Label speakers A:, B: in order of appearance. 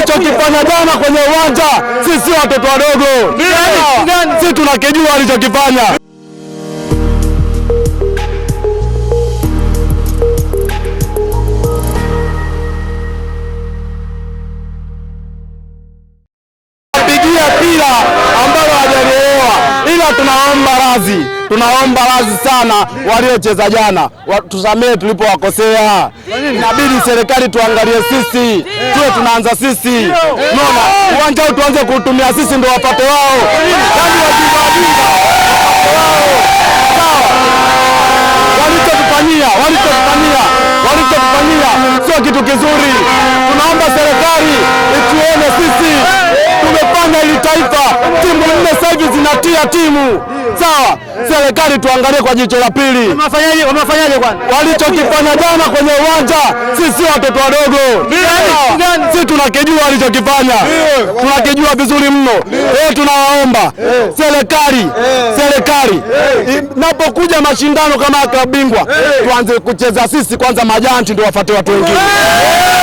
A: alichokifanya jana kwenye uwanja, sisi watoto wadogo, yaani, si tunakijua alichokifanya. Pigia pila tunaomba radhi, tunaomba radhi sana waliocheza jana, tusamehe tulipowakosea. Inabidi serikali tuangalie sisi, tuwe tunaanza sisi. Unaona, uwanja huu tuanze kuutumia sisi, ndio wapate wao yaani walichotufanyia, walichotufanyia, walichotufanyia sio kitu kizuri. zinatia timu sawa. Eh. Serikali tuangalie kwa jicho la pili,
B: wamefanyaje? Wamefanyaje kwani
A: walichokifanya jana kwenye uwanja? Sisi eh. si watoto wadogo, sisi tunakijua walichokifanya, tunakijua vizuri mno. Leo eh, tunawaomba serikali, serikali inapokuja mashindano kama ya klabu bingwa tuanze kucheza sisi kwanza, majanti ndio wafuate watu wengine.